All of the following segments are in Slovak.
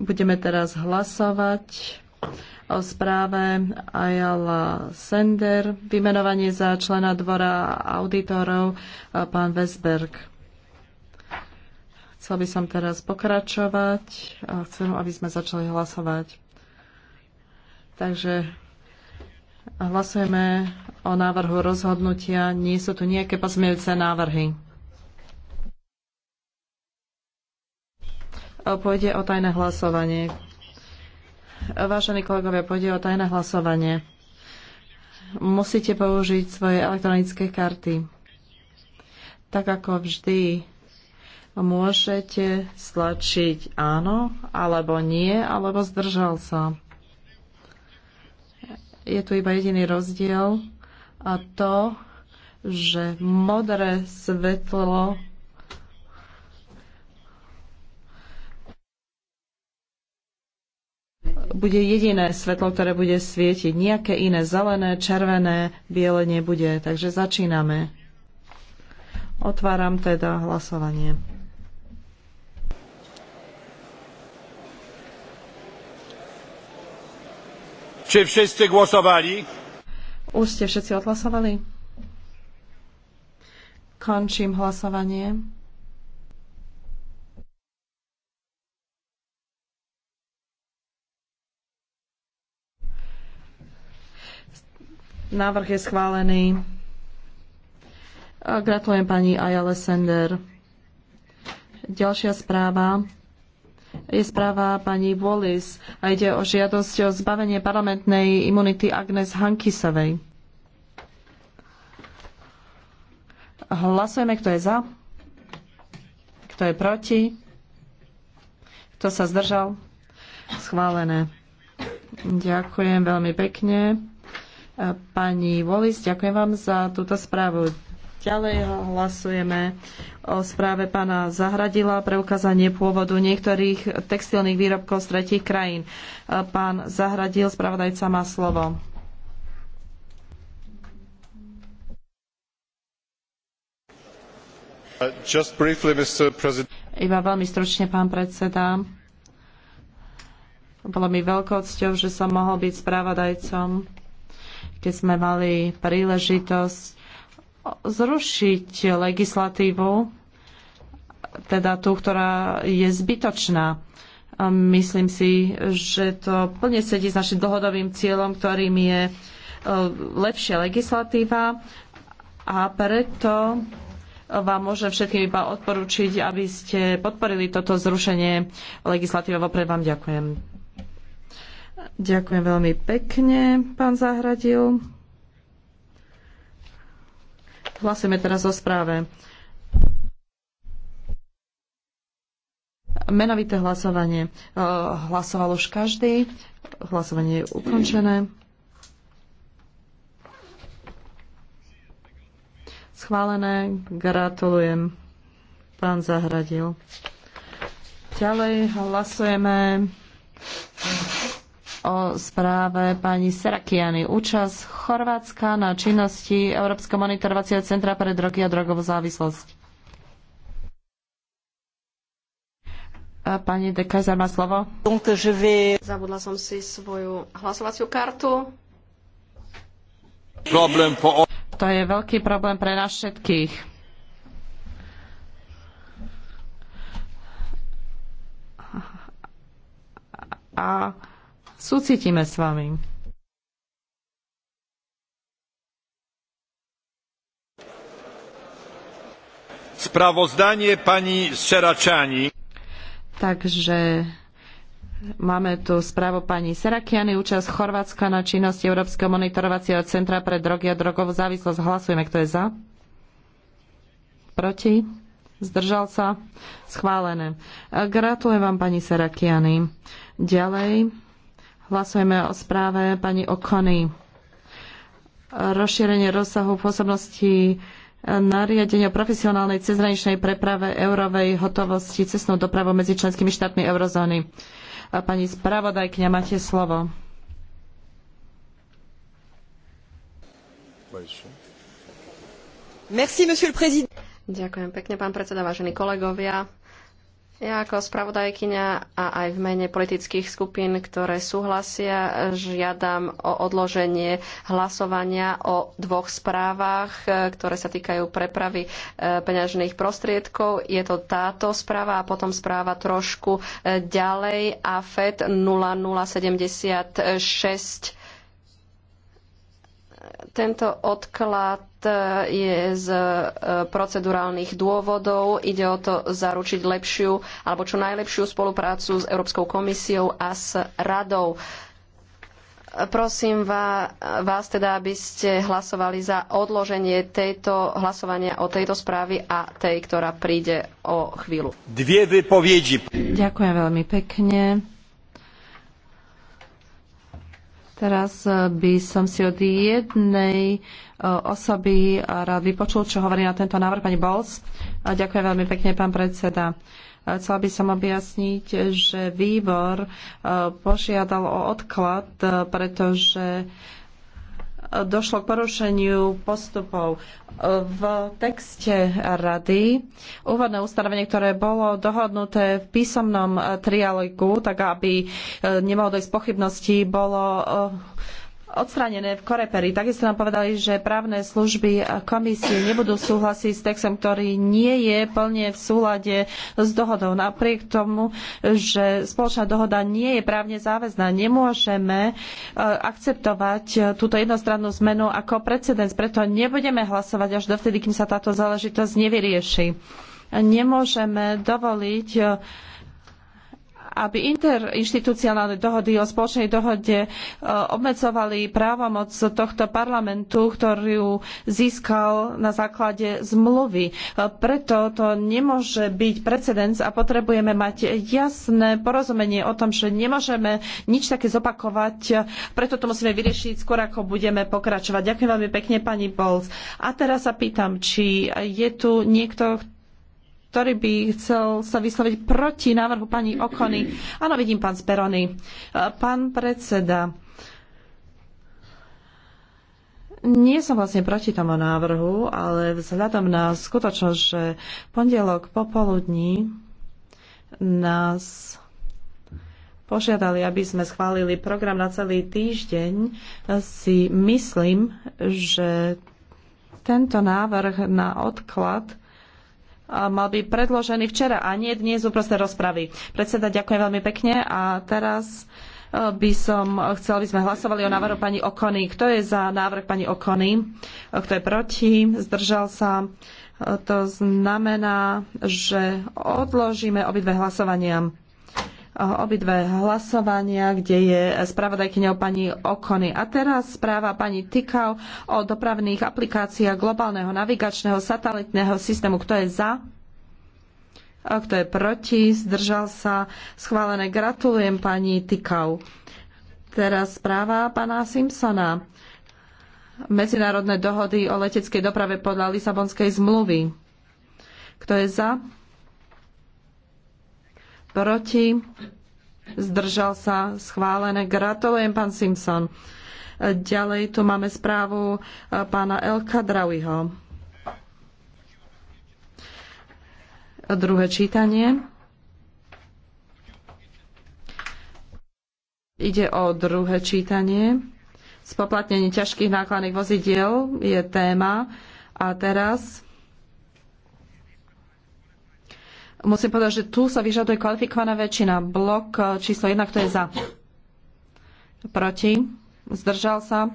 Budeme teraz hlasovať o správe Ayala Sender, vymenovanie za člena dvora auditorov, pán Vesberg. Chcel by som teraz pokračovať a chcem, aby sme začali hlasovať. Takže hlasujeme o návrhu rozhodnutia. Nie sú tu nejaké pozmeňujúce návrhy. E, pôjde o tajné hlasovanie. Vážení kolegovia, pôjde o tajné hlasovanie. Musíte použiť svoje elektronické karty. Tak ako vždy, môžete stlačiť áno, alebo nie, alebo zdržal sa. Je tu iba jediný rozdiel a to, že modré svetlo bude jediné svetlo, ktoré bude svietiť. Nejaké iné zelené, červené, biele nebude. Takže začíname. Otváram teda hlasovanie. Či všetci hlasovali? Už ste všetci odhlasovali? Končím hlasovanie. Návrh je schválený. Gratulujem pani Ayala Sender. Ďalšia správa je správa pani Wallis a ide o žiadosť o zbavenie parlamentnej imunity Agnes Hankisovej. Hlasujeme, kto je za, kto je proti, kto sa zdržal. Schválené. Ďakujem veľmi pekne. Pani Wallis, ďakujem vám za túto správu. Ďalej hlasujeme o správe pána Zahradila pre ukázanie pôvodu niektorých textilných výrobkov z tretich krajín. Pán Zahradil, spravodajca, má slovo. Uh, briefly, Iba veľmi stručne, pán predseda. Bolo mi veľkou cťou, že som mohol byť spravodajcom kde sme mali príležitosť zrušiť legislatívu, teda tú, ktorá je zbytočná. Myslím si, že to plne sedí s našim dlhodobým cieľom, ktorým je e, lepšia legislatíva a preto vám môžem všetkým iba odporučiť, aby ste podporili toto zrušenie legislatívy. Vopred vám ďakujem. Ďakujem veľmi pekne, pán Zahradil. Hlasujeme teraz o správe. Menovité hlasovanie. Hlasoval už každý. Hlasovanie je ukončené. Schválené. Gratulujem. Pán Zahradil. Ďalej hlasujeme o správe pani Serakiany. Účasť Chorvátska na činnosti Európskeho monitorovacieho centra pre drogy a drogovú závislosť. Pani de Kaiser má slovo. Zabudla som si svoju hlasovaciu kartu. Po... To je veľký problém pre nás všetkých. A Uh... Súcitíme s vami. Sprawozdanie pani Seračani. Takže Máme tu správu pani Serakiany, účasť Chorvátska na činnosti Európskeho monitorovacieho centra pre drogy a drogovú závislosť. Hlasujeme, kto je za? Proti? Zdržal sa? Schválené. Gratulujem vám, pani Serakiany. Ďalej. Hlasujeme o správe pani Okony. Rozšírenie rozsahu pôsobnosti nariadenia o profesionálnej cezhraničnej preprave eurovej hotovosti cestnou dopravou medzi členskými štátmi eurozóny. Pani spravodajkňa, máte slovo. Merci, Ďakujem pekne, pán predseda, vážení kolegovia ja ako spravodajkyňa a aj v mene politických skupín, ktoré súhlasia, žiadam o odloženie hlasovania o dvoch správach, e, ktoré sa týkajú prepravy e, peňažných prostriedkov. Je to táto správa a potom správa trošku e, ďalej FED 0076 tento odklad e, je z e, procedurálnych dôvodov. Ide o to zaručiť lepšiu alebo čo najlepšiu spoluprácu s Európskou komisiou a s radou. Prosím vás teda, aby ste hlasovali za odloženie tejto hlasovania o tejto správy a tej, ktorá príde o chvíľu. Dve vypovedi. Ďakujem veľmi pekne. Teraz eh, by som si od jednej eh, osoby eh, rád vypočul, čo hovorí na tento návrh pani Bols. Ďakujem veľmi pekne, pán predseda. Chcela by som objasniť, že výbor požiadal o odklad, pretože došlo k porušeniu postupov. V texte rady úvodné ustanovenie, ktoré bolo dohodnuté v písomnom trialogu, tak aby e, nemohlo dojsť pochybnosti, bolo e, odstranené v Koreperi. Takisto nám povedali, že právne služby komisie nebudú súhlasiť s textom, ktorý nie je plne v súlade s dohodou. Napriek tomu, že spoločná dohoda nie je právne záväzná, nemôžeme e, akceptovať e, túto jednostrannú zmenu ako precedens. Preto nebudeme hlasovať až dovtedy, kým sa táto záležitosť nevyrieši. Nemôžeme dovoliť e, aby interinštitucionálne dohody o spoločnej dohode e, obmedzovali právomoc tohto parlamentu, ktorú získal na základe zmluvy. E, preto to nemôže byť precedens a potrebujeme mať jasné porozumenie o tom, že nemôžeme nič také zopakovať, preto to musíme vyriešiť skôr, ako budeme pokračovať. Ďakujem veľmi pekne, pani Bols. A teraz sa pýtam, či je tu niekto, ktorý by chcel sa vysloviť proti návrhu pani Okony. Áno, vidím pán Sperony. Pán predseda, nie som vlastne proti tomu návrhu, ale vzhľadom na skutočnosť, že pondelok popoludní nás požiadali, aby sme schválili program na celý týždeň, si myslím, že tento návrh na odklad mal byť predložený včera a nie dnes uprostred rozpravy. Predseda, ďakujem veľmi pekne a teraz e, by som chcel, aby sme hlasovali o návrhu pani Okony. Kto je za návrh pani Okony? E, kto je proti? Zdržal sa? E, to znamená, že odložíme obidve hlasovania obidve hlasovania, kde je spravodajkyňou pani Okony. A teraz správa pani Tikau o dopravných aplikáciách globálneho navigačného satelitného systému. Kto je za? Kto je proti? Zdržal sa? Schválené. Gratulujem pani Tikau. Teraz správa pana Simpsona. Medzinárodné dohody o leteckej doprave podľa Lisabonskej zmluvy. Kto je za? proti, zdržal sa, schválené. Gratulujem, pán Simpson. Ďalej tu máme správu e, pána Elka Drawiho. Druhé čítanie. Ide o druhé čítanie. Spoplatnenie ťažkých nákladných vozidiel je téma. A teraz Musím povedať, že tu sa vyžaduje kvalifikovaná väčšina. Blok eh, číslo 1, kto je za? Proti? Zdržal sa?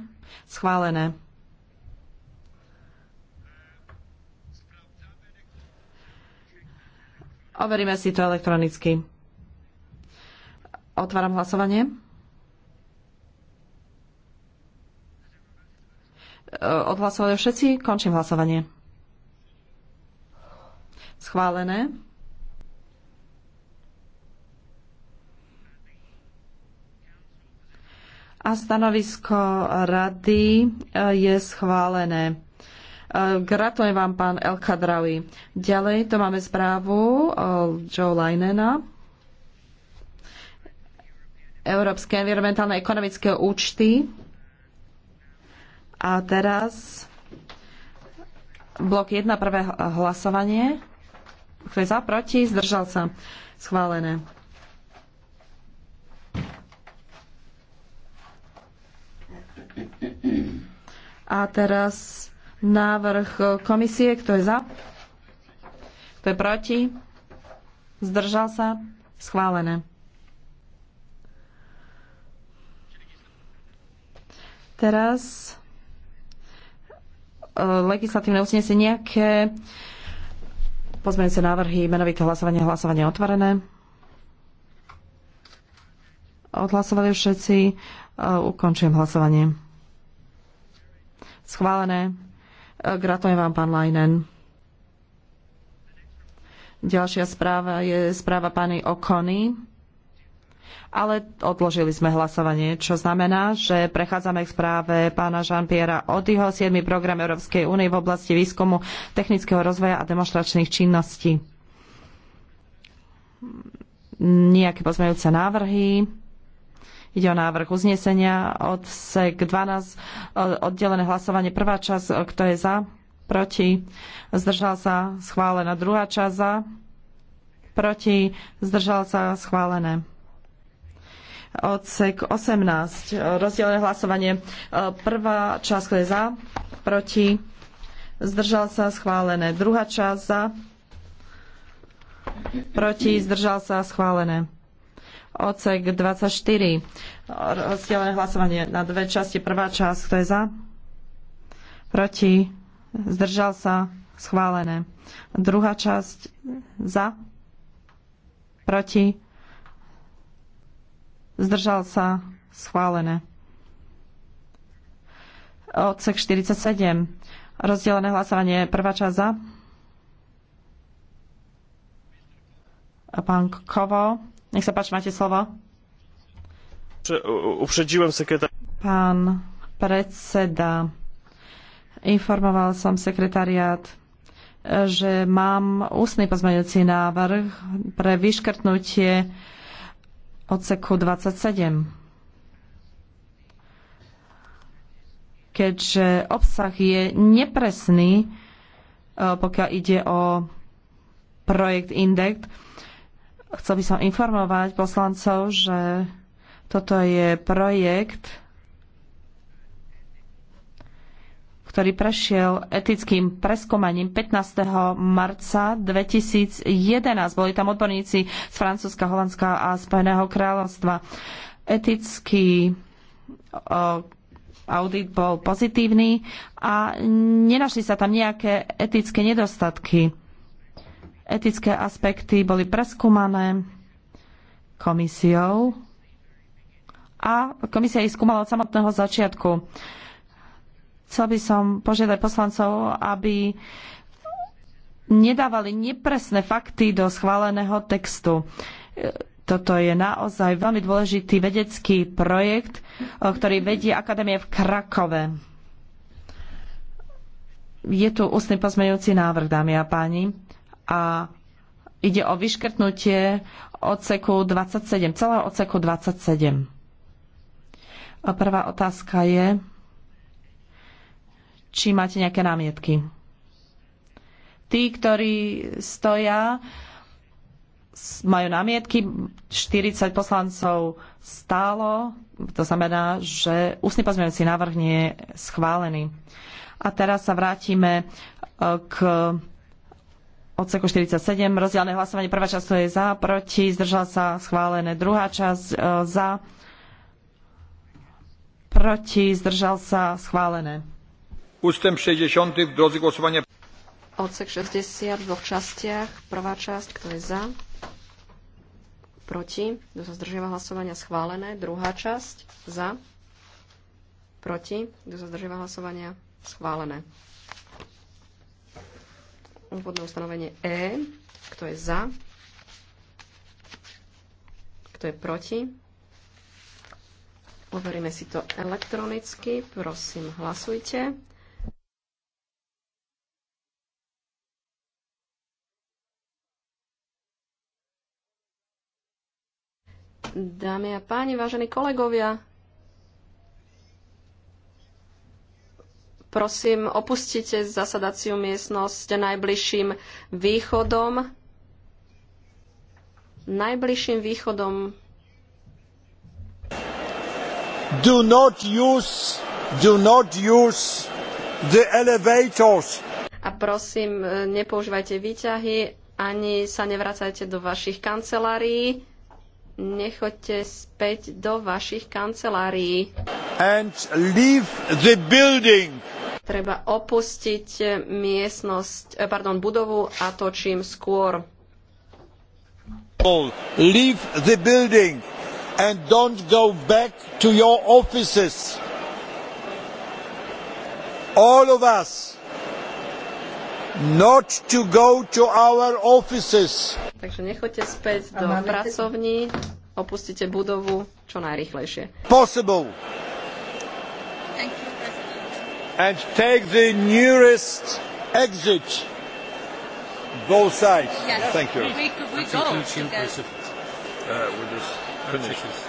Schválené. Overíme si to elektronicky. Otváram hlasovanie. Eh, odhlasovali všetci? Končím hlasovanie. Schválené. a stanovisko rady eh, je schválené. Eh, gratulujem vám, pán El Ďalej to máme správu eh, Joe Linena. Európske environmentálne ekonomické účty. A teraz blok 1, prvé hlasovanie. Kto je za, proti, zdržal sa. Schválené. A teraz návrh komisie, kto je za? Kto je proti? Zdržal sa? Schválené. Teraz e, legislatívne uznesenie, nejaké pozmeňujúce návrhy, menovité hlasovanie, hlasovanie otvorené. Odhlasovali všetci. E, ukončujem hlasovanie. Schválené. E, gratulujem vám, pán Lajnen. Ďalšia správa je správa pani Okony. Ale odložili sme hlasovanie, čo znamená, že prechádzame k správe pána Jean-Pierre Odyho, 7. program Európskej únie v oblasti výskumu, technického rozvoja a demonstračných činností. Nejaké pozmejúce návrhy? Ide o návrh uznesenia. Odsek 12, oddelené hlasovanie. Prvá časť, kto je za? Proti. Zdržal sa schválená. Druhá časť za? Proti. Zdržal sa schválené. Odsek e 18. Rozdelené hlasovanie. Prvá časť, kto je za? Proti. Zdržal sa schválené. Druhá časť za? Proti. Zdržal sa schválené. Ocek 24. Rozdelené hlasovanie na dve časti. Prvá časť, kto je za? Proti? Zdržal sa? Schválené. Druhá časť, za? Proti? Zdržal sa? Schválené. Odsek 47. Rozdelené hlasovanie. Prvá časť za. Pán Kovo nech sa páči, máte slovo. Pán predseda, informoval som sekretariát, že mám ústny pozmeňujúci návrh pre vyškrtnutie odseku 27. Keďže obsah je nepresný, eh, pokiaľ ide o projekt Index, Chcel by som informovať poslancov, že toto je projekt, ktorý prešiel etickým preskomaním 15. marca 2011. Boli tam odborníci z Francúzska, Holandska a Spojeného kráľovstva. Etický audit bol pozitívny a nenašli sa tam nejaké etické nedostatky. Etické aspekty boli preskúmané komisiou a komisia ich skúmala od samotného začiatku. Chcel by som požiadať poslancov, aby nedávali nepresné fakty do schváleného textu. Toto je naozaj veľmi dôležitý vedecký projekt, ktorý vedie Akadémie v Krakove. Je tu ústny pozmeňujúci návrh, dámy a páni a ide o vyškrtnutie odseku 27, celého odseku 27. A prvá otázka je, či máte nejaké námietky. Tí, ktorí stoja, majú námietky, 40 poslancov stálo, to znamená, že ústny pozmeňujúci návrh nie je schválený. A teraz sa vrátime e, k odseku 47, rozdielne hlasovanie, prvá časť to je za, proti, zdržal sa schválené, druhá časť e, za, proti, zdržal sa schválené. Ústem 60 v drozi hlasovania. Odsek 60 v dvoch častiach. Prvá časť, kto je za, proti, kto sa zdržiava hlasovania, schválené. Druhá časť, za, proti, kto sa zdržiava hlasovania, schválené. Úvodné ustanovenie E. Kto je za? Kto je proti? Overíme si to elektronicky. Prosím, hlasujte. Dámy a páni, vážení kolegovia, Prosím, opustite zasadaciu miestnosť najbližším východom. Najbližším východom. Do not use, do not use the elevators. A prosím, e, nepoužívajte výťahy, ani sa nevracajte do vašich kancelárií. Nechoďte späť do vašich kancelárií. And leave the building treba opustiť miestnosť, eh, pardon, budovu a to čím skôr. Leave the building and don't go back to your offices. All of us not to go to our offices. Takže nechoďte späť do pracovní, opustite budovu čo najrychlejšie. Possible and take the nearest exit. Both sides. Yes. Thank you. We, we go. Uh, with just finish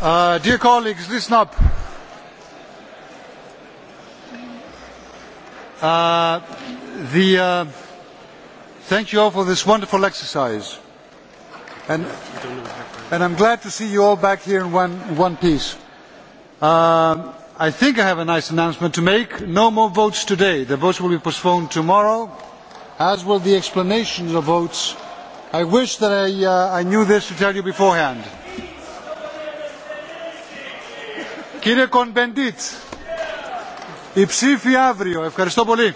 Uh, dear colleagues, listen up. Uh, the, uh, thank you all for this wonderful exercise. And, and I'm glad to see you all back here in one, one piece. Uh, I think I have a nice announcement to make. No more votes today. The votes will be postponed tomorrow, as will the explanations of votes. I wish that I, uh, I knew this to tell you beforehand. Κύριε Κονπεντίτ, η ψήφη αύριο. Ευχαριστώ πολύ.